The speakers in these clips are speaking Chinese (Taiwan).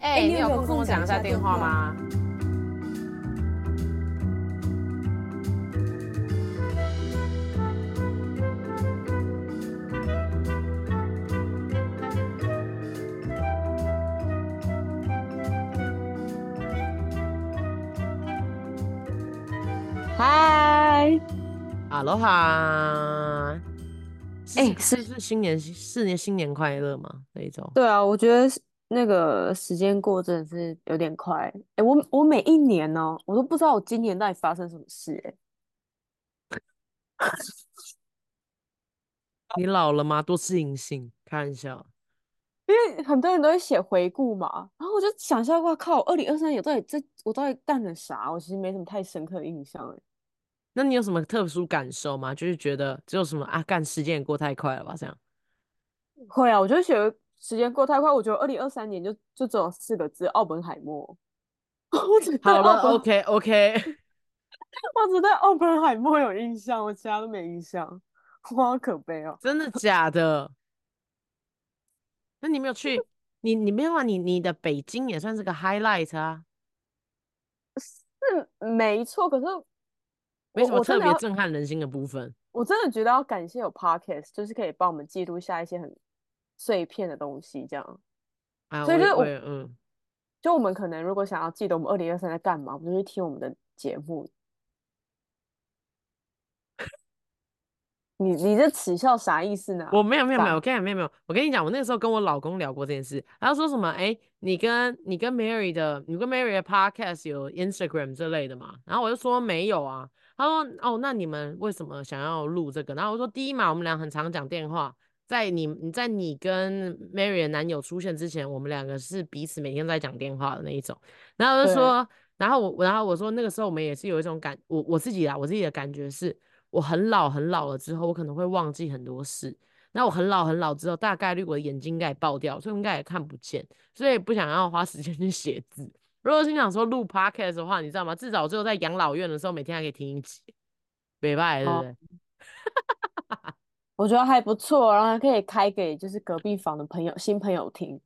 哎、欸欸，你有空空講一下電話嗎？Hi，Aloha，誒、欸欸欸，是是新年，是新年快樂嘛？那一種，對啊，我覺得。那個時間過真的是有點快、欸，哎、欸，我我每一年呢、喔，我都不知道我今年到底發生什麼事，欸，哎，你老了嗎？多吃銀杏看一下，因為很多人都會寫回顧嘛，然後我就想一下，哇靠2023，二零二三有到底這我到底幹了啥？我其實沒什麼太深刻的印象，欸，哎，那你有什麼特殊感受嗎？就是覺得只有什麼啊，幹時間過太快了吧，這樣，會啊，我就覺得。時間過太快，我覺得二零二三年就就只有四個字奧本海默， 我好了，OK OK，我只對奧本海默有印象，我其他都沒印象，我好可悲哦、喔。真的假的？那 你沒有去？ 你你沒有啊？你你的北京也算是個 highlight 啊？是沒錯，可是我沒什麼特別震撼人心的部分。我真的，我真的覺得要感謝有 Podcast，就是可以幫我們記錄下一些很碎片的東西這樣，啊、所以就我，我，我，嗯，就我們可能如果想要記得我們二零二三在幹嘛，我們就會聽我們的節目。 你你這恥笑啥意思呢？我沒有沒有沒有，沒有，我跟你沒有沒有，我跟你講，我那時候跟我老公聊過這件事，他說什麼？哎、欸，你跟你跟 Mary 的，你跟 Mary 的 Podcast 有 Instagram 這類的嗎？然後我就說沒有啊。他說哦，那你們為什麼想要錄這個？然後我說第一嘛，我們倆很常講電話。在你你在你跟 Mary 的男友出現之前，我們兩個是彼此每天在講電話的那一種。然後就說，然後我然後我說，那個時候我們也是有一種感，我我自己啊，我自己的感覺是我很老很老了之後，我可能會忘記很多事。那我很老很老之後，大概率我的眼睛應該也爆掉，所以應該也看不見，所以不想要花時間去寫字。如果心想說錄 Podcast 的話，你知道嗎？至少我只有在養老院的時候，每天還可以聽一集，沒拜對不對？哈哈哈哈哈。 我覺得還不錯，然後還可以開給就是隔壁房的朋友、新朋友聽，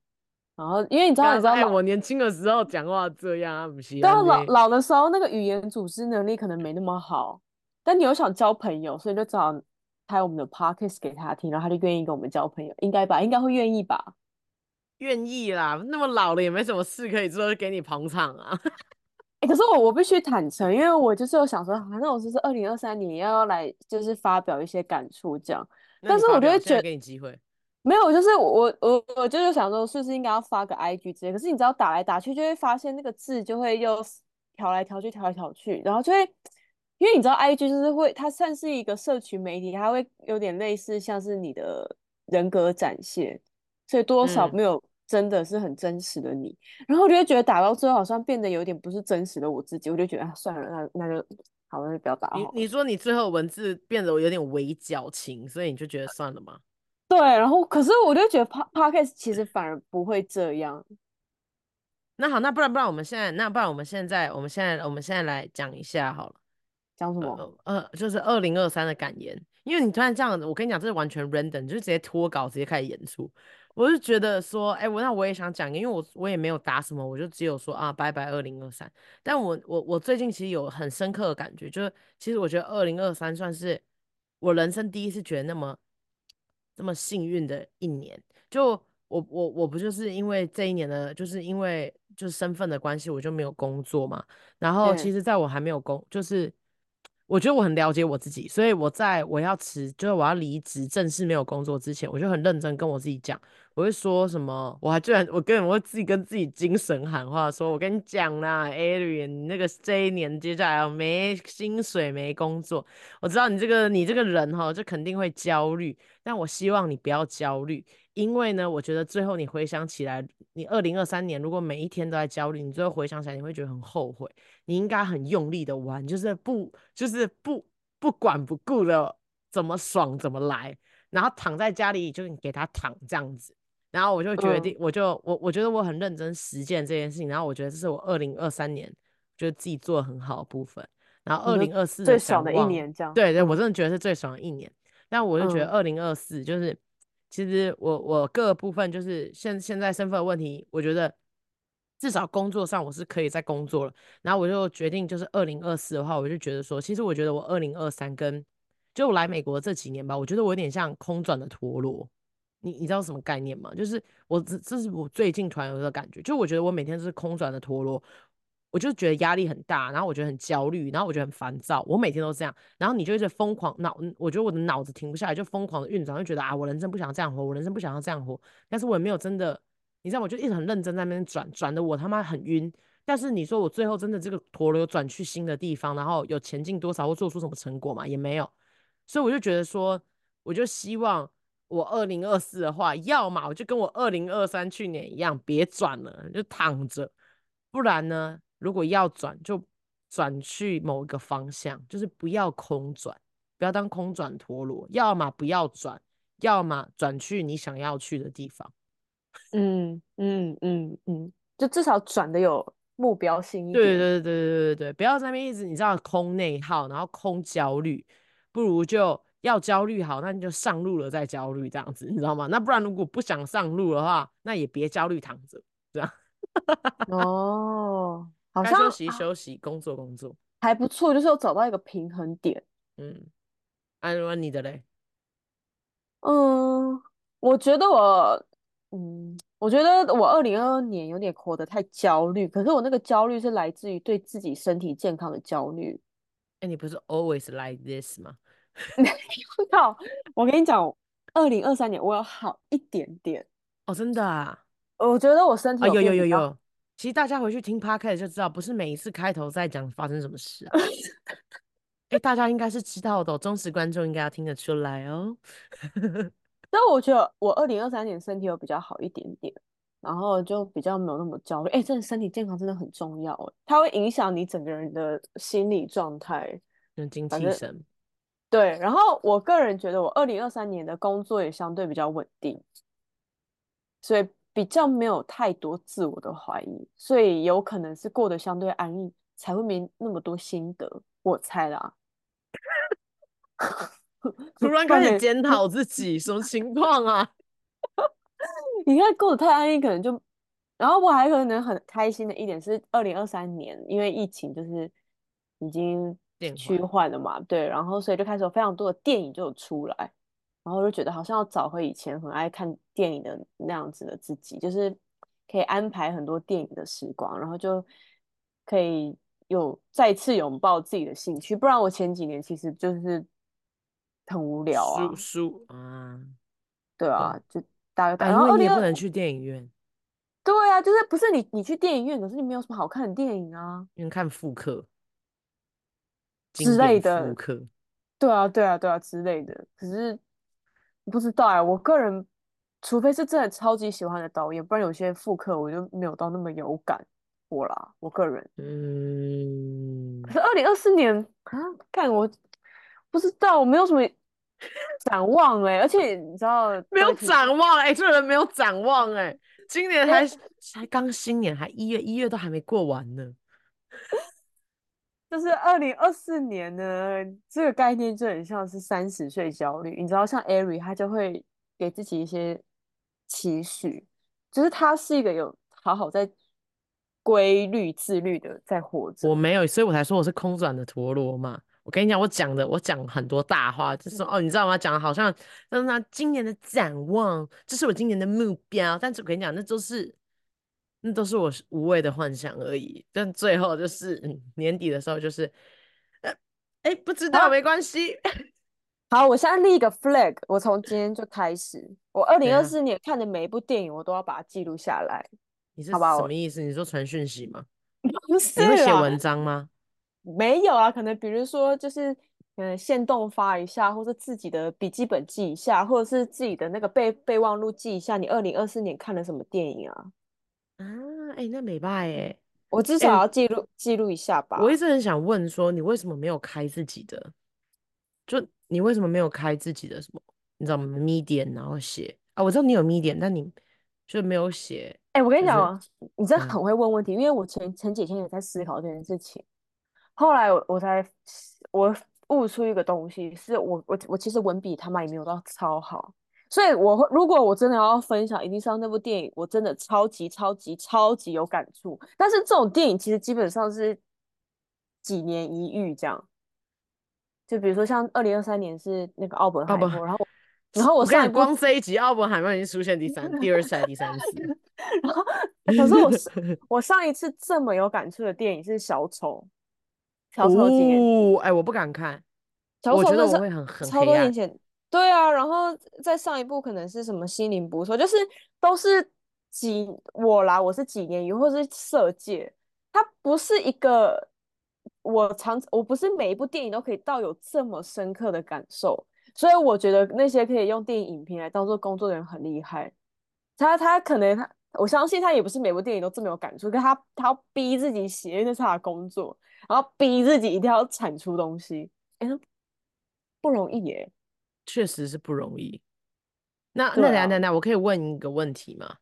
然後因為你知道你知道我年輕的時候講話這樣啊，不行。但老老的時候那個語言組織能力可能沒那麼好，但你又想交朋友，所以就找開我們的 podcast 給他聽，然後他就願意跟我們交朋友，應該吧？應該會願意吧？願意啦，那麼老了也沒什麼事可以做，給你捧場啊！ 欸、可是我我必須坦誠，因為我就是有想說，反、啊、正我就是是二零二三年要來，就是發表一些感觸這樣。但是我覺得覺得給你機會，沒有，就是我我我就是想說，是不是應該要發個 IG 之類？可是你知道打來打去，就會發現那個字就會又調來調去，調來調去，然後就會，因為你知道 IG 就是會，它算是一個社群媒體，它會有點類似像是你的人格展現，所以多少沒有真的是很真實的你。然後我就會覺得打到最後好像變得有點不是真實的我自己，我就覺得算了，那那就。好了，就不要打。你你說你最後文字變得有點圍矯情，所以你就覺得算了嘛、嗯。對。然後，可是我就覺得 Podcast 其實反而不會這樣。那好，那不然不然，我們現在那不然我們現在我們現在我們現在來講一下好了。講什麼？呃，呃就是二零二三的感言。因為你突然這樣，我跟你講，這是完全 random，就是直接脫稿，直接開始演出。我是覺得說，哎、欸，我那我也想講，因為我我也沒有答什麼，我就只有說啊，拜拜二零二三。但我我我最近其實有很深刻的感覺，就是其實我覺得二零二三算是我人生第一次覺得那麼那麼幸運的一年。就我我我不就是因為這一年的，就是因為就是、身份的關係，我就沒有工作嘛。然後其實在我還沒有工，就是我覺得我很了解我自己，所以我在我要辭，就是我要離職正式沒有工作之前，我就很認真跟我自己講。我會說什麼？我還居然我跟我會自己跟自己精神喊話說，說我跟你講啦，Ari，你那個這一年接下來沒薪水、沒工作，我知道你這個你這個人哈、哦，就肯定會焦慮。但我希望你不要焦慮，因為呢，我覺得最後你回想起來，你二零二三年如果每一天都在焦慮，你最後回想起來你會覺得很後悔。你應該很用力的玩，就是不就是不不管不顧的怎麼爽怎麼來，然後躺在家裡就你給他躺這樣子。然後我就決定，嗯、我就我我覺得我很認真實踐這件事情。然後我覺得這是我二零二三年我覺得自己做的很好的部分。然後二零二四最爽的一年這樣。對對，我真的覺得是最爽的一年。但我就覺得二零二四就是、嗯，其實我我各個部分就是現現在身份問題，我覺得至少工作上我是可以在工作了。然後我就決定，就是二零二四的話，我就覺得說，其實我覺得我二零二三跟就我來美國這幾年吧，我覺得我有點像空轉的陀螺。你你知道什麼概念嗎？就是我這這是我最近突然有個感覺，就我覺得我每天都是空轉的陀螺，我就覺得壓力很大，然後我覺得很焦慮，然後我覺得很煩躁，我每天都這樣，然後你就一直瘋狂腦，我覺得我的腦子停不下來，就瘋狂的運轉，就覺得啊，我人生不想要這樣活，我人生不想要這樣活，但是我也沒有真的，你知道，我就一直很認真在那邊轉轉的，我他媽很暈，但是你說我最後真的這個陀螺轉去新的地方，然後有前進多少或做出什麼成果嘛，也沒有，所以我就覺得說，我就希望。我二零二四的話，要麼我就跟我二零二三去年一樣，別轉了，就躺着；不然呢，如果要轉，就轉去某一個方向，就是不要空轉，不要當空轉陀螺。要麼不要轉，要麼轉去你想要去的地方。嗯嗯嗯嗯，就至少轉得有目標性一點。對，對對對對對對，不要在那邊一直你知道空內耗，然後空焦慮，不如就。要焦慮好，那你就上路了再焦慮這樣子，你知道嗎？那不然如果不想上路的話，那也別焦慮，躺着，對吧？哦，好像，該休息休息、啊，工作工作，還不錯，就是要找到一個平衡點。嗯，安安，你的嘞？嗯，我覺得我，嗯，我覺得我二零二二年有點活得太焦慮，可是我那個焦慮是來自於對自己身體健康的焦慮。哎、欸，你不是 always like this 嗎？沒 有，我跟你講，二零二三年我有好一點點哦，真的啊，我覺得我身體有、哦、有有有，有。其實大家回去聽 podcast 就知道，不是每一次開頭在講發生什麼事啊。哎、 欸，大家應該是知道的、哦，忠實觀眾應該要聽得出來哦。 但我覺得我二零二三年身體有比較好一點點，然後就比較沒有那麼焦慮。哎、欸，真的身體健康真的很重要，哎，它會影響你整個人的心理狀態，有精氣神。對，然後我個人覺得，我二零二三年的工作也相對比較穩定，所以比較沒有太多自我的懷疑，所以有可能是過得相對安逸，才會沒那麼多心得。我猜啦，突 然 開始檢討自己， 什麼情況啊？你看過得太安逸，可能就……然後我還可能很開心的一點是2023年，二零二三年因為疫情就是已經。去換了嘛？對，然後所以就開始有非常多的電影就有出來，然後就覺得好像要找回以前很愛看電影的那樣子的自己，就是可以安排很多電影的時光，然後就可以有再次擁抱自己的興趣。不然我前幾年其實就是很無聊啊，書書啊，對啊、嗯，就大家、啊，然後你也不能去電影院，對啊，就是不是你你去電影院，可是你沒有什麼好看的電影啊，因為看復刻。之類的,之類的復刻，對啊，對啊，對啊之類的。可是不知道哎，我個人，除非是真的超級喜歡的導演，不然有些復刻我就沒有到那麼有感過啦。我個人，嗯，可是二零二四年啊，看我，不知道我沒有什麼展望哎， 而且你知道沒有展望哎、欸， 這個人沒有展望哎、欸，今年才才剛新年還，還一月一月都還沒過完呢。 就是二零二四年呢，這個概念就很像是三十歲焦慮。你知道，像 Ari 他就會給自己一些期許，就是他是一個有好好在規律、自律的在活着。我沒有，所以我才說我是空轉的陀螺嘛。我跟你講，我講的，我講很多大話，就是說哦，你知道嗎？講的好像讓他今年的展望，這是我今年的目標。但是，我跟你講，那都、就是。那都是我無謂的幻想而已，但最後就是年底的時候，就是哎、欸，不知道、oh. 沒關係。好，我現在立一個 flag，我從今天就開始，我二零二四年看的每一部電影，我都要把它記錄下來、啊好。你是什麼意思？你說傳訊息嗎？你 是、啊，你會寫文章嗎？沒有啊，可能比如說就是呃，限動發一下，或者自己的筆記本記一下，或者是自己的那個備備忘錄記一下，你二零二四年看了什麼電影啊？哎、欸，那沒辦法哎、欸，我至少要記錄記錄一下吧。我一直很想問說，你為什麼沒有開自己的？就你為什麼沒有開自己的什麼？你知道嗎？Medium，然後寫啊，我知道你有 Medium，但你就沒有寫。哎、欸，我跟你講、就是、你真的很會問問題，嗯、因為我前前幾天也在思考這件事情，後來我才我，我悟出一個東西，是我我我其實文筆他媽也沒有到超好。所以我，我如果我真的要分享，一定是那部電影，我真的超級超級超級有感觸。但是這種電影其實基本上是幾年一遇，這樣。就比如說像二零二三年是那個《奧本海默》爸爸，然後，然後我上我光這一集《奧本海默》已經出現第三、 第二次、第三次。 然後、欸，可是我我上一次這麼有感觸的電影是小丑《小丑》，《小丑》哦，哎、欸，我不敢看，《小丑》我覺得我會很很黑暗。對啊，然後再上一部可能是什麼心靈捕手，就是都是幾我啦，我是幾年以後是色戒。它不是一個我常我不是每一部電影都可以到有這麼深刻的感受，所以我覺得那些可以用電影影片來當做工作的人很厲害。他他可能他我相信他也不是每一部電影都這麼有感觸，但他他要逼自己寫，那、就是他的工作，然後逼自己一定要產出東西，哎，不容易耶。確實是不容易。那那奶奶，我可以問你一個問題嗎？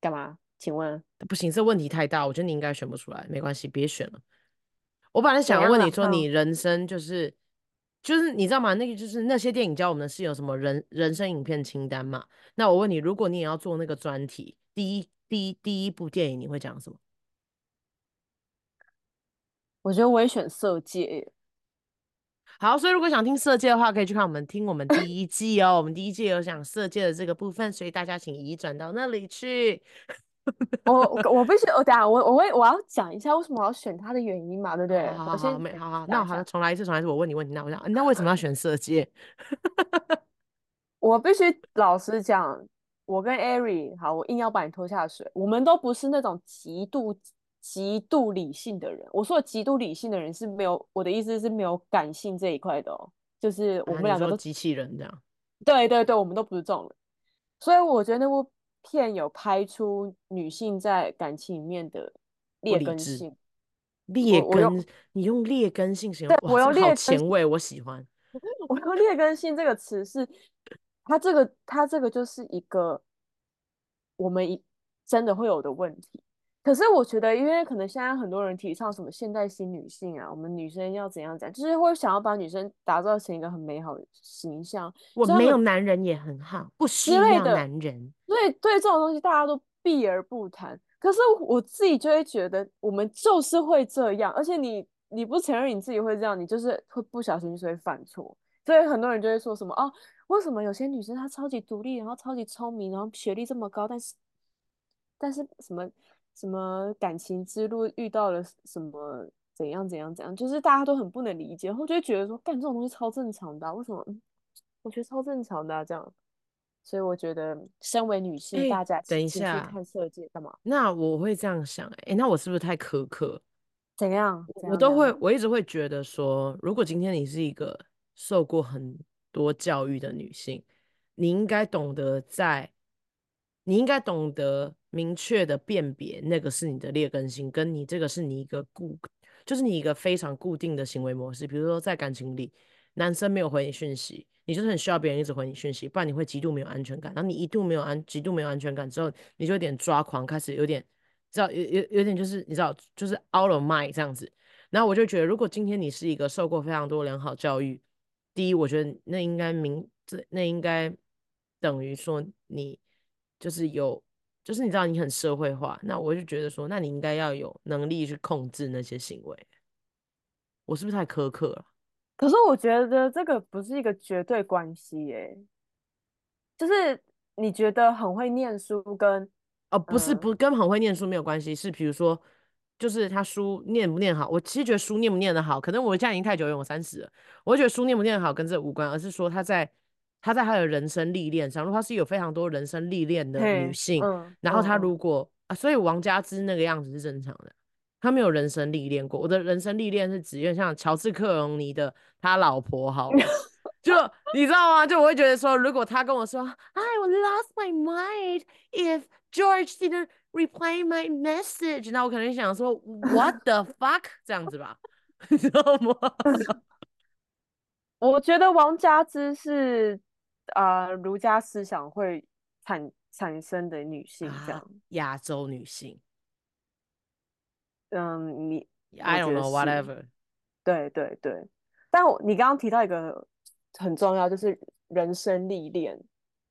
幹嘛？請問、啊？不行，這問題太大，我覺得你應該選不出來。沒關係，別選了。我本來想要問你說，你人生就是、就是、就是你知道嗎？那個就是那些電影教我們是有什麼人人生影片清單嘛？那我問你，如果你也要做那個專題，第一第一第一部電影你會講什麼？我覺得我也選色戒。好，所以如果想聽色戒的話，可以去看我們聽我們第一季哦。 我們第一季有講色戒的這個部分，所以大家請移轉到那裡去。 我我必須，我等下我我會我要講一下為什麼我要選它的原因嘛，對不對？好，好，好，沒，好好，好，那好，重來一次，重來一次，我問你問題，那我講，那為什麼要選色戒？ 我必須老實講，我跟艾瑞，好，我硬要把你拖下水，我們都不是那種極度。極度理性的人，我說的極度理性的人是沒有我的意思是沒有感性這一塊的哦、喔，就是我們兩個都機、啊、器人，這樣。對對對，我們都不是這種人，所以我覺得那部片有拍出女性在感情裡面的劣根性。我理劣根我我用，你用劣根性形容，對我要劣前衛，我喜歡。我用劣根性這個詞是，它這個它這個就是一個我們一真的會有的問題。可是我覺得，因為可能現在很多人提倡什麼現代新女性啊，我們女生要怎樣講，就是會想要把女生打造成一個很美好的形象。我沒有男人也很好，不需要男人。對，對這種東西大家都避而不談。可是我自己就會覺得，我們就是會這樣。而且你你不承認你自己會這樣，你就是會不小心就會犯錯。所以很多人就會說什麼：哦，為什麼有些女生她超級獨立，然後超級聰明，然後學歷這麼高，但是但是什麼？什麼感情之路遇到了什麼怎樣怎樣怎樣，就是大家都很不能理解，然後就覺得說幹這種東西超正常的、啊，為什麼？我覺得超正常的、啊、這樣，所以我覺得身為女性，大家、欸、等一下去看設計幹嘛？那我會這樣想，哎、欸，那我是不是太苛刻怎樣？怎樣？我都會，我一直會覺得說，如果今天你是一個受過很多教育的女性，你應該懂得在。你應該懂得明確的辨別，那個是你的劣根性，跟你這個是你一個固，就是你一個非常固定的行為模式。比如說在感情裡，男生沒有回你訊息，你就是很需要別人一直回你訊息，不然你會極度沒有安全感。然後你一度沒有安，極度沒有安全感之後，你就有點抓狂，開始有點，知道有有有點就是你知道就是 out of mind 這樣子。然後我就覺得，如果今天你是一個受過非常多良好教育，第一，我覺得那應該明，這那應該等於說你。就是有，就是你知道你很社會化，那我就覺得說，那你應該要有能力去控制那些行為。我是不是太苛刻了啊？可是我覺得這個不是一個絕對關係。哎，就是你覺得很會念書跟，嗯、哦不是不跟很會念書沒有關係。是比如說就是他書念不念好，我其實覺得書念不念得好，可能我家已經太久了，我三十了，我覺得書念不念好跟這無關，而是說他在。她在她的人生歷練上，如果她是有非常多人生歷練的女性，hey, 然後她如果、嗯、啊，所以王佳芝那個樣子是正常的。她沒有人生歷練過，我的人生歷練是只願像喬治克隆尼的他老婆，好， 就你知道嗎？就我會覺得說，如果他跟我說 ，I would lose my mind if George didn't reply my message，那我可能想說，What the fuck 這樣子吧，你知道嗎？我覺得王佳芝是。啊、uh,，儒家思想會產產生的女性這樣亞、啊、洲女性，嗯、um,，你、yeah, I don't know whatever，對對對，但你剛剛提到一個很重要，就是人生歷練，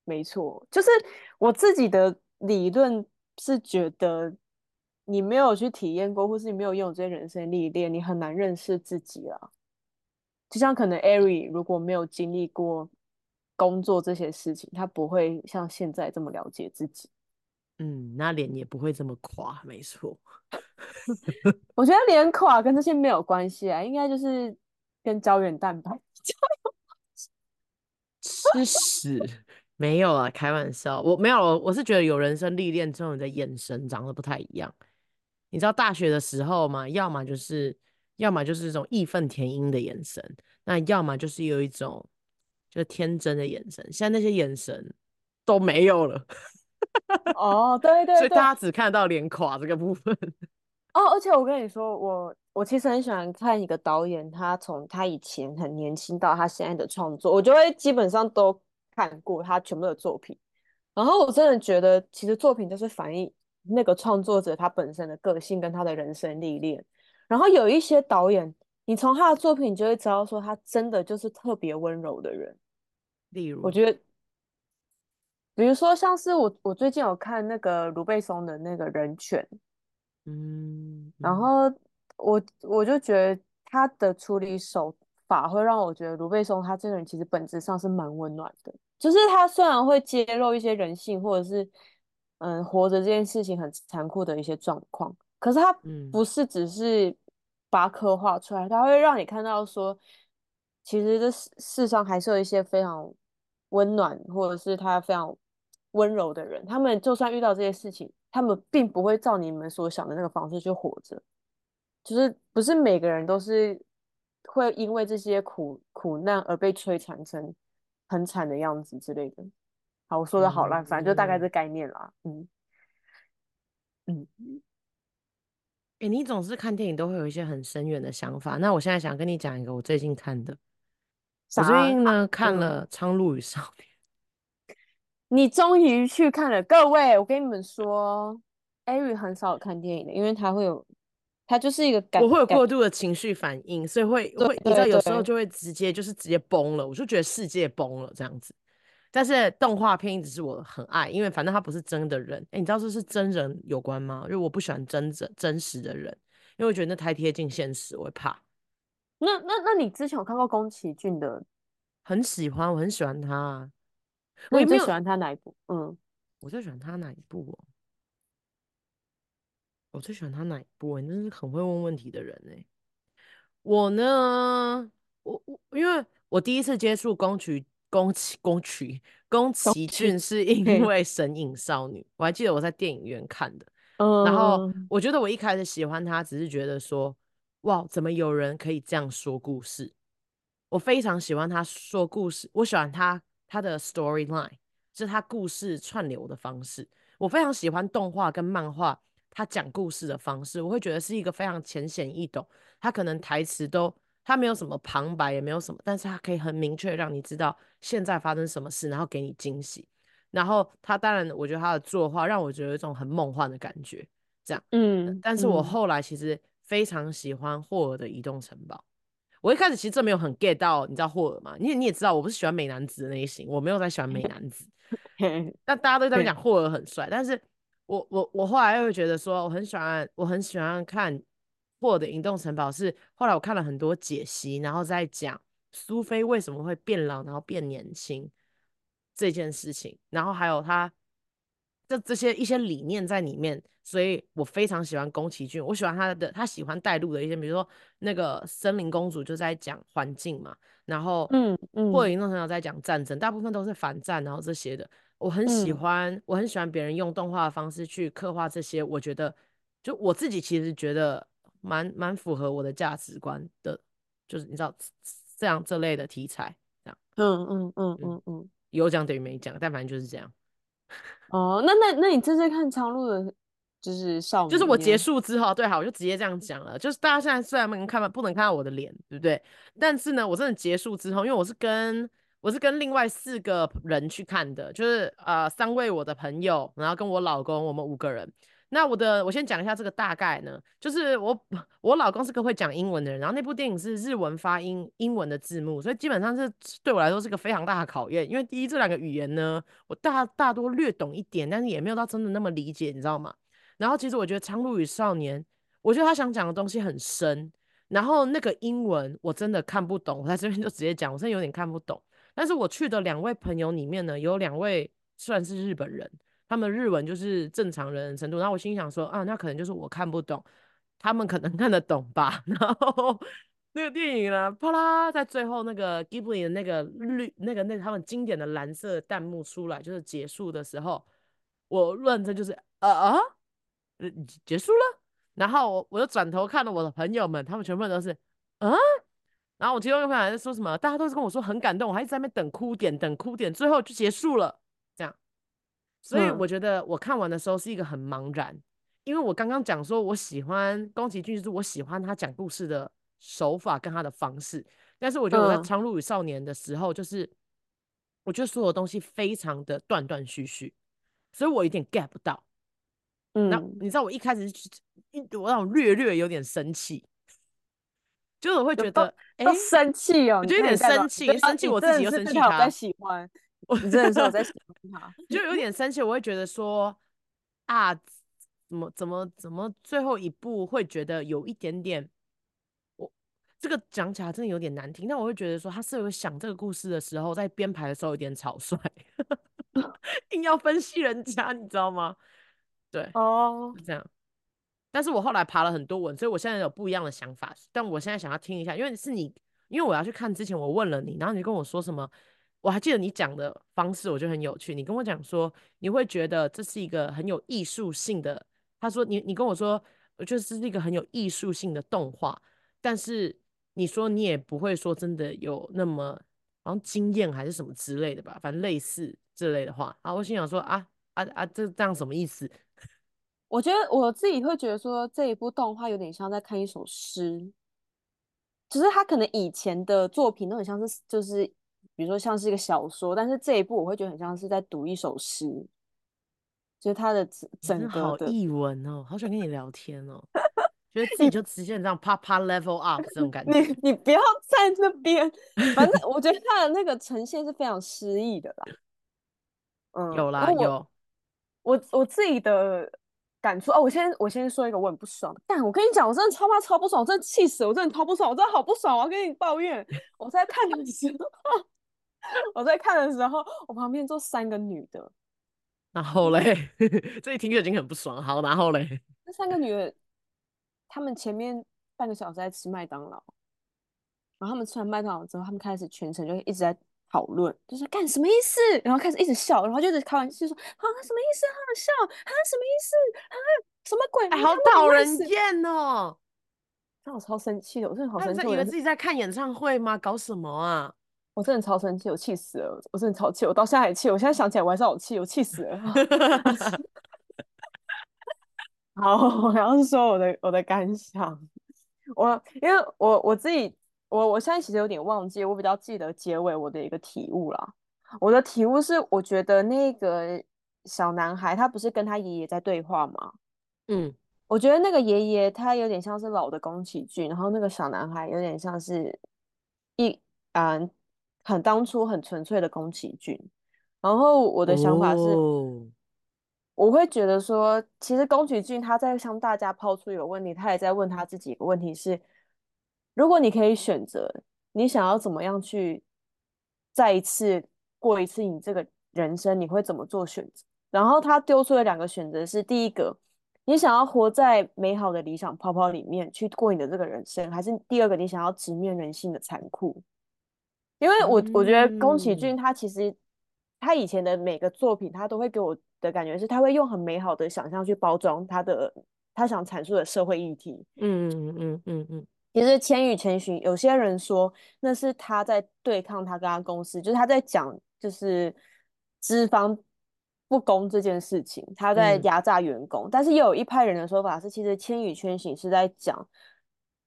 沒錯，就是我自己的理論是覺得你沒有去體驗過，或是你沒有擁有這些人生歷練，你很難認識自己啊。就像可能 Ari 如果沒有經歷過。工作這些事情，他不會像現在這麼了解自己。嗯，那臉也不會這麼垮，沒錯。 我覺得臉垮跟這些沒有關係啊，應該就是跟膠原蛋白。吃 屎？沒有啊，開玩笑。我沒有，我是覺得有人生歷練之後，你的眼神長得不太一樣。你知道大學的時候嘛，要麼就是，要麼就是一種義憤填膺的眼神，那要麼就是有一種。就天真的眼神，現在那些眼神都沒有了。哦、 oh,，對對對，所以大家只看到臉垮這個部分。哦、oh,，而且我跟你說，我我其實很喜歡看一個導演，他從他以前很年輕到他現在的創作，我就會基本上都看過他全部的作品。然後我真的覺得，其實作品就是反映那個創作者他本身的個性跟他的人生歷練。然後有一些導演，你從他的作品，你就會知道說他真的就是特別溫柔的人。例如我覺得，比如說，像是我我最近有看那個盧貝松的那個人犬，嗯，嗯然後我我就覺得他的處理手法會讓我覺得盧貝松他這個人其實本質上是蠻溫暖的，就是他雖然會揭露一些人性或者是嗯活着這件事情很殘酷的一些狀況，可是他不是只是把它刻畫出來，嗯，他會讓你看到說，其實這世上還是有一些非常。溫暖，或者是他非常溫柔的人，他們就算遇到這些事情，他們並不會照你們所想的那個方式去活着。就是不是每個人都是會因為這些苦苦難而被摧殘成很慘的樣子之類的。好，我說的好了、嗯、反正就大概這概念啦。嗯嗯，哎、嗯欸，你總是看電影都會有一些很深遠的想法。那我現在想跟你講一個我最近看的。我最近呢，嗯，看了《蒼鷺與少年》，你終於去看了。各位，我跟你們說，Ari 很少看電影的，因為他會有，他就是一個感，我會有過度的情緒反應，所以會會你知道有時候就會直接就是直接崩了，我就覺得世界崩了這樣子。但是動畫片一直是我很愛，因為反正他不是真的人。哎，你知道這是真人有關嗎？因為我不喜歡真正真實的人，因為我覺得那太貼近現實，我會怕。那那那你之前有看過宮崎駿的？很喜歡，我很喜歡他，啊。我最喜歡他哪一部？嗯，我最喜歡他哪一部哦？我最喜歡他哪一部，欸？你真是很會問問題的人哎，欸。我呢，我我因為我第一次接觸宮崎宮崎宮崎宮崎駿是因為《神隱少女，》 我還記得我在電影院看的，嗯。然後我覺得我一開始喜歡他，只是覺得說。哇、wow，怎麼有人可以這樣說故事？我非常喜歡他說故事，我喜歡他他的 storyline，就是他故事串流的方式。我非常喜歡動畫跟漫畫，他講故事的方式，我會覺得是一個非常淺顯易懂。他可能台詞都他沒有什麼旁白，也沒有什麼，但是他可以很明確讓你知道現在發生什麼事，然後給你驚喜。然後他當然，我覺得他的作畫讓我覺得有一種很夢幻的感覺。這樣，嗯，但是我後來其實。嗯非常喜歡霍爾的《移動城堡》。我一開始其實真沒有很 get 到，你知道霍爾嗎？你你也知道，我不是喜歡美男子的那一型，我沒有在喜歡美男子。但 大家都在講霍爾很帥，但是我我我後來又覺得說，我很喜歡我很喜歡看霍爾的《移動城堡》。是後來我看了很多解析，然後在講蘇菲為什麼會變老然後變年輕這件事情，然後還有他。這這些一些理念在裡面，所以我非常喜歡宮崎駿。我喜歡他的，他喜歡帶入的一些，比如說那個森林公主就在講環境嘛，然後嗯，嗯，或者一定程度上在講戰爭，大部分都是反戰，然後這些的。我很喜歡，嗯、我很喜歡別人用動畫的方式去刻畫這些。我覺得，就我自己其實覺得蠻蠻符合我的價值觀的，就是你知道這樣這類的題材，這樣嗯嗯嗯嗯嗯，有講等於沒講，但反正就是這樣。 哦，那那那你正在看蒼鷺的，就是上，就是我結束之後，對，好，我就直接這樣講了。就是大家現在雖然不能看，不能看到我的臉，對不對？但是呢，我真的結束之後，因為我是跟我是跟另外四個人去看的，就是呃，三位我的朋友，然後跟我老公，我們五個人。那我的，我先講一下這個大概呢，就是我我老公是個會講英文的人，然後那部電影是日文發音英文的字幕，所以基本上是對我來說是個非常大的考驗，因為第一這兩個語言呢，我大大多略懂一點，但是也沒有到真的那麼理解，你知道嗎？然後其實我覺得《蒼鷺與少年》，我覺得他想講的東西很深，然後那個英文我真的看不懂，我在這邊就直接講，我真的有點看不懂。但是我去的兩位朋友裡面呢，有兩位算是日本人。他們日文就是正常人程度，然後我心想說啊，那可能就是我看不懂，他們可能看得懂吧。然後那個電影呢，啪啦，在最後那個 Ghibli 的那個綠那個那個他們經典的藍色彈幕出來，就是結束的時候，我認真就是啊啊，結束了。然後我我又轉頭看了我的朋友們，他們全部都是啊。然後我其中一個朋友還在說什麼，大家都是跟我說很感動，我還一直在那邊等哭點，等哭點，最後就結束了。所以我覺得我看完的時候是一個很茫然。嗯、因為我剛剛講說我喜歡宮崎駿，就是我喜歡他講故事的手法跟他的方式，但是我覺得我在《蒼鷺與少年》的時候，就是、嗯、我覺得所有東西非常的斷斷續續，所以我有點 get 不到。嗯，那你知道我一開始一我讓我略略有點生氣，就是我會覺得哎、欸、生氣哦，你就有點生氣，生氣我自己又生氣他。我真的是在想他， 就有點生氣。我會覺得說啊，怎麼怎麼怎麼最後一步，會覺得有一點點，我這個講起來真的有點難聽。但我會覺得說，他是有想這個故事的時候，在編排的時候有點草率， 硬要分析人家，你知道嗎？對，哦、oh.，是這樣。但是我後來爬了很多文，所以我現在有不一樣的想法。但我現在想要聽一下，因為是你，因為我要去看之前，我問了你，然後你跟我說什麼。我還記得你講的方式，我覺得很有趣。你跟我講說，你會覺得這是一個很有藝術性的。他說你：“你你跟我說，我覺得這是一個很有藝術性的動畫。”但是你說你也不會說真的有那麼好像驚艷還是什麼之類的吧？反正類似之類的話啊，我心想說啊啊啊，這、啊啊啊、這樣什麼意思？我覺得我自己會覺得說這一部動畫有點像在看一首詩，只是他可能以前的作品都很像是就是。比如說像是一個小說，但是這一部我會覺得很像是在讀一首詩，就是他的整個譯文哦， 好想跟你聊天哦， 覺得自己就直接這樣啪啪 level up 這種感覺。你你不要在那邊，反正我覺得他的那個呈現是非常詩意的啦。 嗯，有啦有。我我自己的感觸哦，我先我先說一個我很不爽，但我跟你講，我真的超怕超不爽，我真的氣死我，真的超不爽，我真的好不爽，我要跟你抱怨。我在看的時候。 我在看的時候，我旁邊坐三個女的。然後嘞， 這一聽就已經很不爽。好，然後嘞，那三個女的，她們前面半個小時在吃麥當勞，然後她們吃完麥當勞之後，她們開始全程就一直在討論，就是幹什麼意思？然後開始一直笑，然後就是開玩笑就說：“啊，什麼意思？啊，笑？啊，什麼意思？啊，什麼鬼？欸、好討人厭哦！”讓我超生氣的，我真的好生氣。你們自己在看演唱會嗎？搞什麼啊？我真的超生氣，我氣死了！我真的超氣，我到現在還氣。我現在想起來我還是好氣，我氣死了。 好，好像是說我的我的感想。我因為我我自己，我我現在其實有點忘記，我比較記得結尾我的一個體悟了。我的體悟是，我覺得那個小男孩他不是跟他爺爺在對話嗎？嗯，我覺得那個爺爺他有點像是老的宮崎駿，然後那個小男孩有點像是一，一、呃、嗯。很當初很純粹的宮崎駿，然後我的想法是，oh. 我會覺得說，其實宮崎駿他在向大家拋出一個問題，他也在問他自己一個問題是：如果你可以選擇，你想要怎麼樣去再一次過一次你這個人生，你會怎麼做選擇？然後他丟出了兩個選擇是：第一個，你想要活在美好的理想泡泡裡面去過你的這個人生，還是第二個，你想要直面人性的殘酷？因為我我覺得宮崎駿他其實他以前的每個作品，他都會給我的感覺是，他會用很美好的想象去包裝他的他想闡述的社會議題。嗯嗯嗯嗯嗯。其實《千與千尋》，有些人說那是他在對抗他跟他公司，就是他在講就是資方不公這件事情，他在壓榨員工。嗯、但是又有一派人的說法是，其實《千與千尋》是在講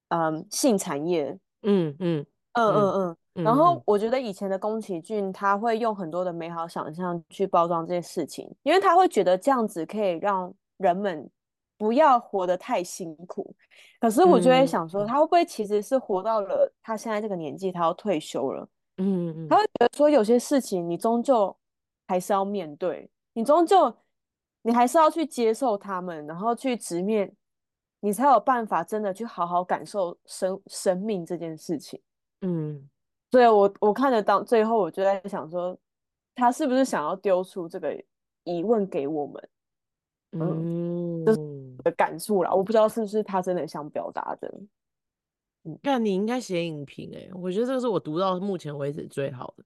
嗯性產業。嗯嗯。嗯嗯嗯，然後我覺得以前的宮崎駿他會用很多的美好想象去包裝這些事情，因為他會覺得這樣子可以讓人們不要活得太辛苦。可是我就會想說，他會不會其實是活到了他現在這個年紀，他要退休了？嗯嗯，他會覺得說有些事情你終究還是要面對，你終究你還是要去接受他們，然後去直面，你才有辦法真的去好好感受生生命這件事情。嗯，所以我我看得到，最後，我就在想說，他是不是想要丟出這個疑問給我們？嗯，這、嗯就是、的感觸啦，我不知道是不是他真的想表達的。但、嗯、你應該寫影評哎、欸，我覺得這是我讀到目前為止最好的。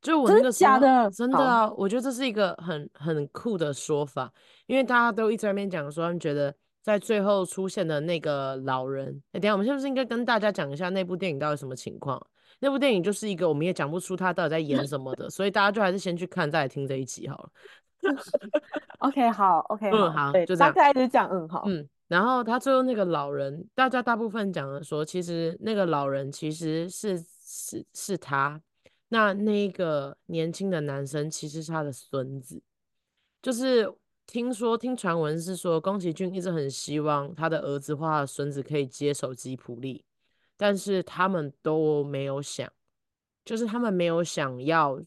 就我那個真的假的？真的啊，我覺得這是一個很很酷的說法，因為大家都一直在那邊講說，他們覺得。在最後出現的那個老人。欸、等下，我們是不是應該跟大家講一下那部電影到底什麼情況？那部電影就是一個，我們也講不出他到底在演什麼的， 所以大家就還是先去看，再來聽這一集好了。 OK，好，OK，嗯，好，對，就這樣。剛才一直講，嗯，好，嗯。然後他最後那個老人，大家大部分講的說，其實那個老人其實是是是他，那那個年輕的男生其實是他的孫子，就是。聽說聽傳聞是說，宮崎駿一直很希望他的兒子或孫子可以接手吉卜力，但是他們都沒有想，就是他們沒有想要，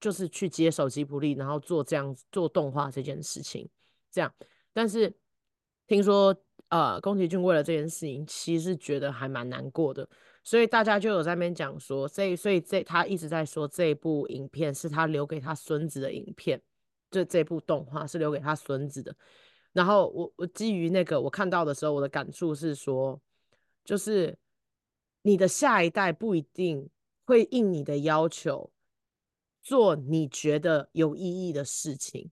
就是去接手吉卜力，然後做這樣做動畫這件事情，這樣。但是聽說，呃，宮崎駿為了這件事情，其實覺得還蠻難過的，所以大家就有在那邊講說，所以所以這他一直在說這部影片是他留給他孫子的影片。就這這部動畫是留給他孫子的。然後我我基於那個我看到的時候，我的感觸是說，就是你的下一代不一定會應你的要求做你覺得有意義的事情。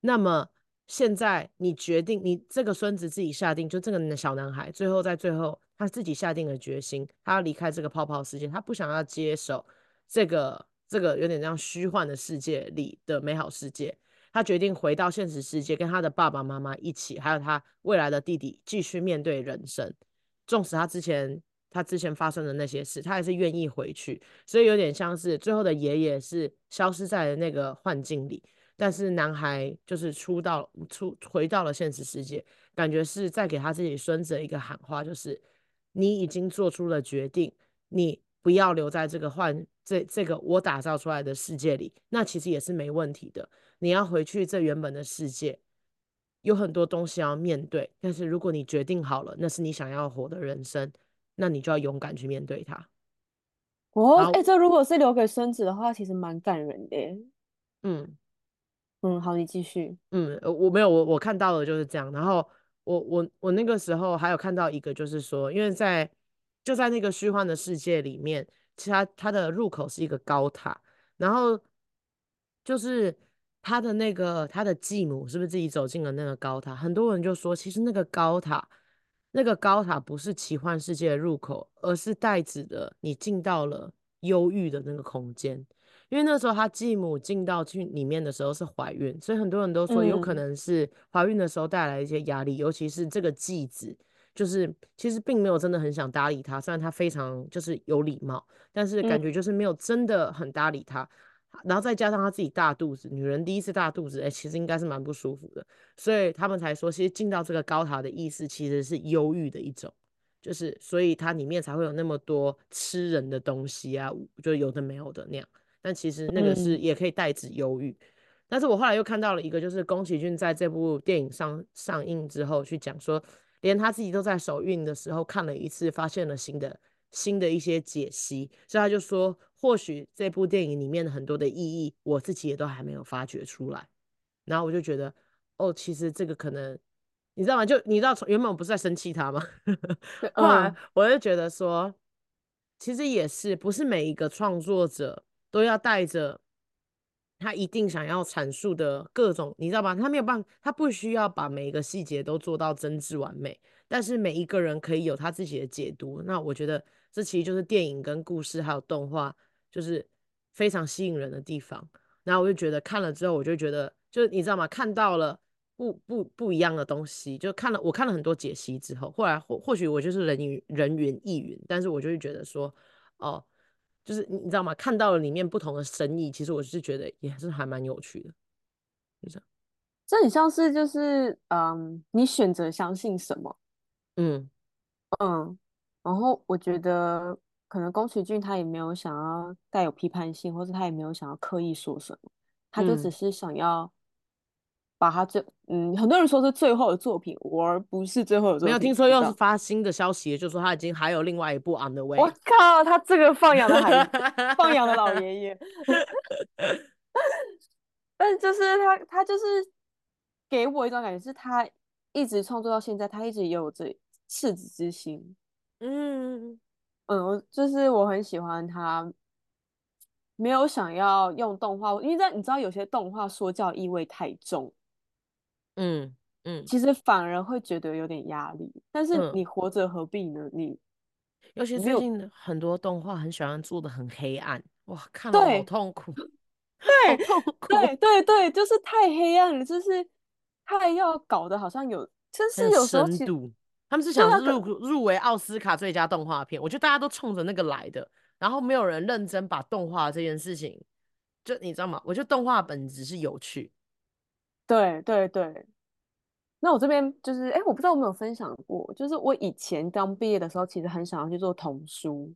那麼現在你決定，你這個孫子自己下定，就這個小男孩最後在最後他自己下定了決心，他要離開這個泡泡世界，他不想要接手這個這個有點像虛幻的世界裡的美好世界。他決定回到現實世界，跟他的爸爸媽媽一起，還有他未來的弟弟，繼續面對人生。縱使他之前，他之前發生的那些事，他還是願意回去。所以有點像是最後的爺爺是消失在了那個幻境裡，但是男孩就是出到，出回到了現實世界，感覺是在給他自己孫子一個喊話，就是你已經做出了決定，你不要留在這個幻，這，這個我打造出來的世界裡，那其實也是沒問題的。你要回去這原本的世界，有很多東西要面對。但是如果你決定好了，那是你想要活的人生，那你就要勇敢去面對它。哦，哎、欸，這如果是留給孫子的話，其實蠻感人的。嗯嗯，好，你繼續。嗯，我沒有，我我看到的就是這樣。然後我我我那個時候還有看到一個，就是說，因為在就在那個虛幻的世界裡面，其實它的入口是一個高塔，然後就是。他的那個，他的繼母是不是自己走進了那個高塔？很多人就說，其實那個高塔，那個高塔不是奇幻世界的入口，而是代指的，你進到了憂鬱的那個空間。因為那時候他繼母進到去裡面的時候是懷孕，所以很多人都說有可能是懷孕的時候帶來一些壓力。嗯、尤其是這個繼子，就是其實並沒有真的很想搭理他，雖然他非常就是有禮貌，但是感覺就是沒有真的很搭理他。嗯然後再加上她自己大肚子，女人第一次大肚子，哎、欸，其實應該是蠻不舒服的，所以他們才說，其實進到這個高塔的意思其實是憂鬱的一種，就是所以它裡面才會有那麼多吃人的東西啊，就有的沒有的那樣。但其實那個是也可以代指憂鬱、嗯。但是我後來又看到了一個，就是宮崎駿在這部電影上上映之後去講說，連他自己都在首映的時候看了一次，發現了新的新的一些解析，所以他就說。或許這部電影裡面的很多的意義，我自己也都還沒有發掘出來。然後我就覺得，哦，其實這個可能，你知道嗎？就你知道，原本我不是在生氣他嗎？後 來、Uh-huh. 我就覺得說，其實也是，不是每一個創作者都要帶着他一定想要闡述的各種，你知道吧？他沒有辦法，他不需要把每一個細節都做到真摯完美。但是每一個人可以有他自己的解讀。那我覺得，這其實就是電影、跟故事還有動畫。就是非常吸引人的地方，然後我就覺得看了之後，我就覺得，就是你知道嗎？看到了不不不一樣的東西，就看了我看了很多解析之後，後來或或許我就是人云人云亦云，但是我就會覺得說，哦，就是你知道嗎？看到了裡面不同的深意，其實我是覺得也是還蠻有趣的，就是，這樣。這很像是就是嗯，你選擇相信什麼？嗯嗯，然後我覺得。可能宮崎駿他也沒有想要帶有批判性，或者他也沒有想要刻意說什麼，他就只是想要把他最嗯，嗯，很多人說是最後的作品，我而不是最後的作品。沒有聽說要是發新的消息，就說他已經還有另外一部《On the Way》。我靠，他這個放羊的孩， 放羊的老爺爺， 但就是他，他就是給我一種感覺，是他一直創作到現在，他一直也有這赤子之心，嗯。嗯，我就是我很喜歡他。沒有想要用動畫，因為在你知道有些動畫說教意味太重，嗯嗯，其實反而會覺得有點壓力。但是你活着何必呢？嗯、你尤其最近很多動畫很喜歡做得很黑暗，哇，看了好痛苦，對， 痛苦，對對對，就是太黑暗了，就是太要搞得好像有，真、就是有深度。他們是想入，那個，入圍奧斯卡最佳動畫片，我覺得大家都衝着那個來的，然後沒有人認真把動畫這件事情。就你知道嗎？我覺得動畫本質是有趣。對對對。那我這邊就是，哎，欸，我不知道我們有沒有分享過，就是我以前剛畢業的時候，其實很想要去做童書。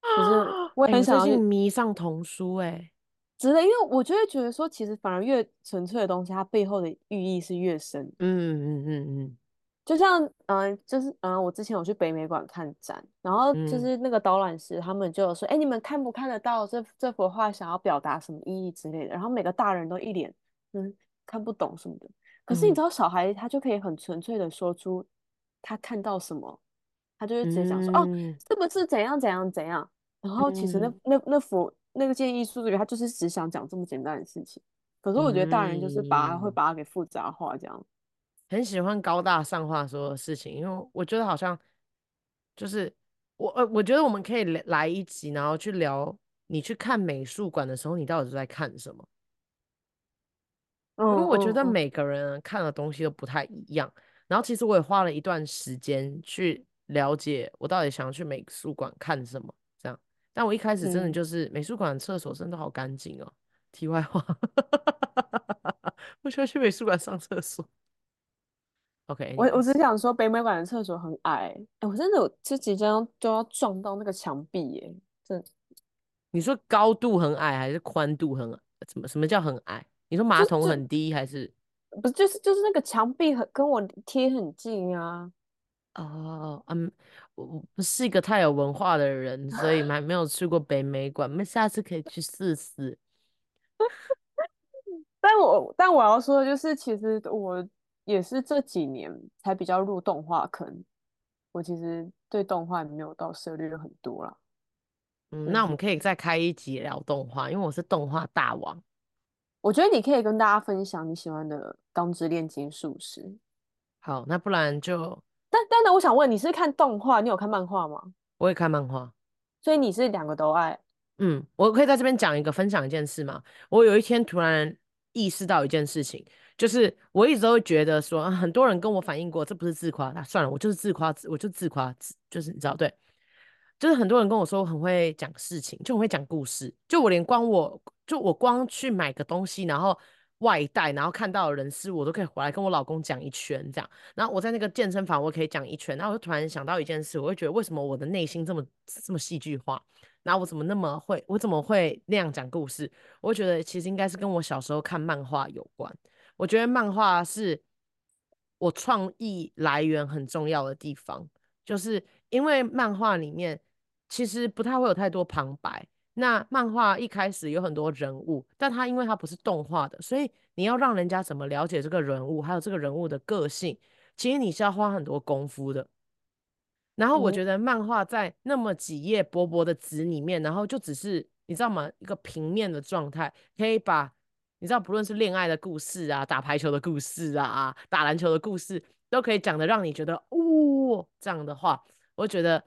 啊。就是我很想要去，欸，迷上童書，欸，哎，真的，因為我就會覺得說，其實反而越純粹的東西，它背後的寓意是越深。嗯嗯嗯嗯。嗯嗯就像嗯、呃，就是嗯、呃，我之前有去北美館看展，然後就是那個導覽師他們就有說，哎、嗯，你們看不看得到這這幅畫？想要表達什麼意義之類的？然後每個大人都一臉嗯看不懂什麼的。可是你知道，小孩他就可以很純粹的說出他看到什麼，他就會直接講說、嗯，哦，這不是怎樣怎樣怎樣。然後其實那、嗯、那那幅那個件藝術裡面他就是只想講這麼簡單的事情。可是我覺得大人就是把他、嗯、會把它給複雜化，這樣。很喜歡高大上話說的事情，因為我覺得好像就是我呃，我覺得我們可以來來一集，然後去聊你去看美術館的時候，你到底是在看什麼？Oh, oh, oh. 因為我覺得每個人、啊、看的東西都不太一樣。然後其實我也花了一段時間去了解我到底想要去美術館看什麼這樣。但我一開始真的就是、嗯、美術館廁所真的好乾淨哦。題外話， 我喜歡去美術館上廁所。OK，我我只想說北美館的廁所很矮、欸，哎、欸，我真的這幾張都要撞到那個牆壁耶、欸，這，你說高度很矮還是寬度很矮？怎麼什麼叫很矮？你說馬桶很低還是？就就不是就是就是那個牆壁很跟我貼很近啊？哦，嗯，我不是一個太有文化的人，所以還沒有去過北美館，沒 下次可以去試試。 但我但我要說的就是，其實我也是這幾年才比較入動畫坑，我其實對動畫沒有到涉獵很多啦。嗯，那我們可以再開一集聊動畫，因為我是動畫大王。我覺得你可以跟大家分享你喜歡的《鋼之煉金術師》。好，那不然就……但但呢，我想問，你是看動畫，你有看漫畫嗎？我也看漫畫，所以你是兩個都愛。嗯，我可以在這邊講一個分享一件事嗎？我有一天突然意識到一件事情。就是我一直都會覺得說，很多人跟我反映過，這不是自誇，那、啊、算了，我就是自誇，自我就是自誇，自就是你知道，對，就是很多人跟我說我很會講事情，就很會講故事。就我連光我就我光去買個東西，然後外帶，然後看到人事物，我都可以回來跟我老公講一圈這樣。然後我在那個健身房，我可以講一圈。然後我就突然想到一件事，我會覺得為什麼我的內心這麼這麼戲劇化？然後我怎麼那麼會？我怎麼會那樣講故事？我覺得其實應該是跟我小時候看漫畫有關。我覺得漫畫是我創意來源很重要的地方，就是因為漫畫裡面其實不太會有太多旁白。那漫畫一開始有很多人物，但它因為它不是動畫的，所以你要讓人家怎麼了解這個人物，還有這個人物的個性，其實你是要花很多功夫的。然後我覺得漫畫在那麼幾頁薄薄的紙裡面，然後就只是你知道嗎？一個平面的狀態，可以把。你知道，不論是戀愛的故事啊，打排球的故事啊，打籃球的故事，都可以講得，讓你覺得哦，這樣的話，我就覺得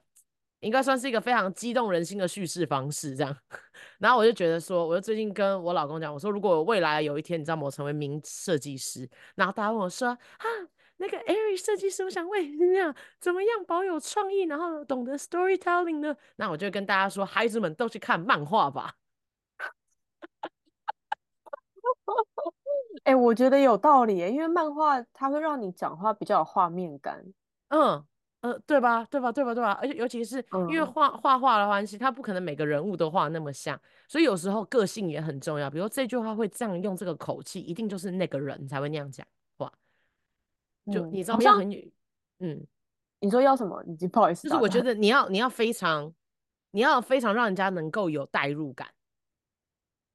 應該算是一個非常激動人心的敘事方式。這樣， 然後我就覺得說，我就最近跟我老公講，我說如果未來有一天，你知道嗎，我成為名設計師，然後他問我說啊，那個艾瑞設計師我想問，那怎麼樣保有創意，然後懂得 storytelling 呢？那我就跟大家說，孩子們都去看漫畫吧。 哎、 欸，我覺得有道理，因為漫畫它會讓你講話比較有畫面感。嗯呃，對吧？對吧？對吧？對吧？而且，尤其是因為畫畫畫的關係，它不可能每個人物都畫那麼像，所以有時候個性也很重要。比如這句話會這樣用，這個口氣一定就是那個人才會那樣講話。就、嗯、你知道很，女。嗯，你說要什麼？你已經不好意思，就是我覺得你要你要非常你要非常讓人家能夠有代入感，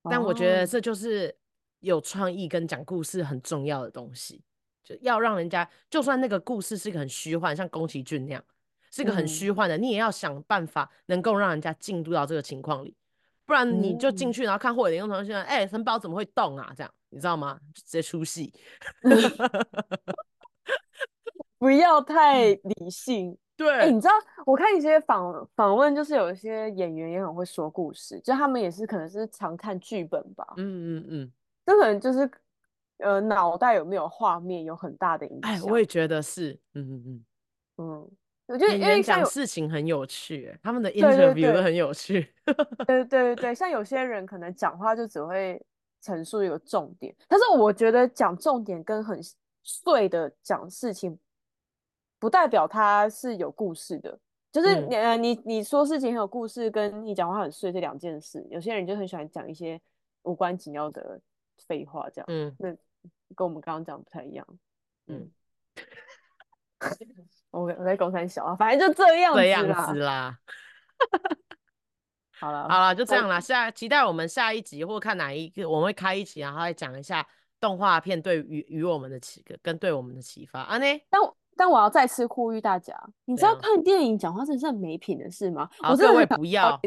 哦。但我覺得這就是。有創意跟講故事很重要的東西，就要讓人家就算那個故事是一個很虛幻，像宮崎駿那樣，是一個很虛幻的、嗯，你也要想辦法能夠讓人家進入到這個情況裡，不然你就進去然後看貨者連同同學說：“哎、嗯，城、欸、堡怎麼會動啊？”這樣你知道嗎？就直接出戲 不要太理性。嗯欸、對，你知道我看一些訪訪問，就是有一些演員也很會說故事，就他們也是可能是常看劇本吧。嗯嗯嗯。嗯這可能就是呃，腦袋有沒有畫面有很大的影響。哎，我也覺得是，嗯嗯嗯嗯。我覺得因為講事情很有趣有對對對，他們的 interview 都很有趣。對對對,對, 對,對,對,對，像有些人可能講話就只會陳述一個重點，但是我覺得講重點跟很碎的講事情，不代表他是有故事的。就是你、嗯呃、你你說事情很有故事，跟你講話很碎這兩件事，有些人就很喜歡講一些無關緊要的。廢話這樣、嗯，那跟我們剛剛講不太一樣。嗯，我 我在講三小啊，反正就這樣子啦。這樣子啦 好了好了，就這樣了。下期待我們下一集，或看哪一個，我們會開一集，然後再講一下動畫片對於與我們的啟跟對我們的啟發。啊呢？但但我要再次呼籲大家，你知道看電影講話真的是很沒品的事嗎？好我也不要，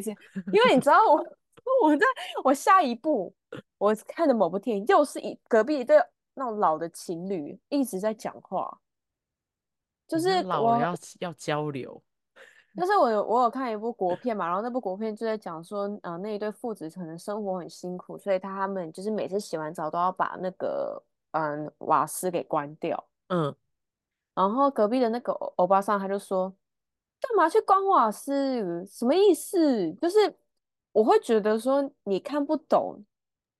因為你知道我我在我下一步。 我看的某部電影又是一隔壁，一對那種老的情侶一直在講話，就是我老要要交流。但、就是我有我有看一部國片嘛，然後那部國片就在講說，嗯、呃，那一對父子可能生活很辛苦，所以他他們就是每次洗完澡都要把那個嗯、呃、瓦斯給關掉。嗯，然後隔壁的那個歐巴桑他就說，幹嘛去關瓦斯？什麼意思？就是我會覺得說你看不懂。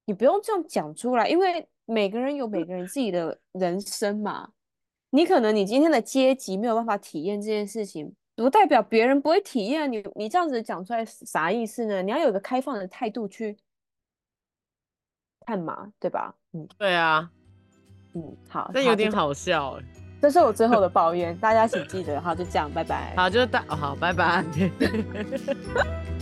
你不用這樣講出來，因為每個人有每個人自己的人生嘛。 你可能你今天的階級沒有辦法體驗這件事情，不代表別人不會體驗。你你這樣子講出來啥意思呢？你要有個開放的態度去看嘛，對吧？嗯，對啊，嗯，好，這有點好笑這，這是我最後的抱怨， 大家請記得。好，就這樣，拜拜。好，就是大好，拜拜。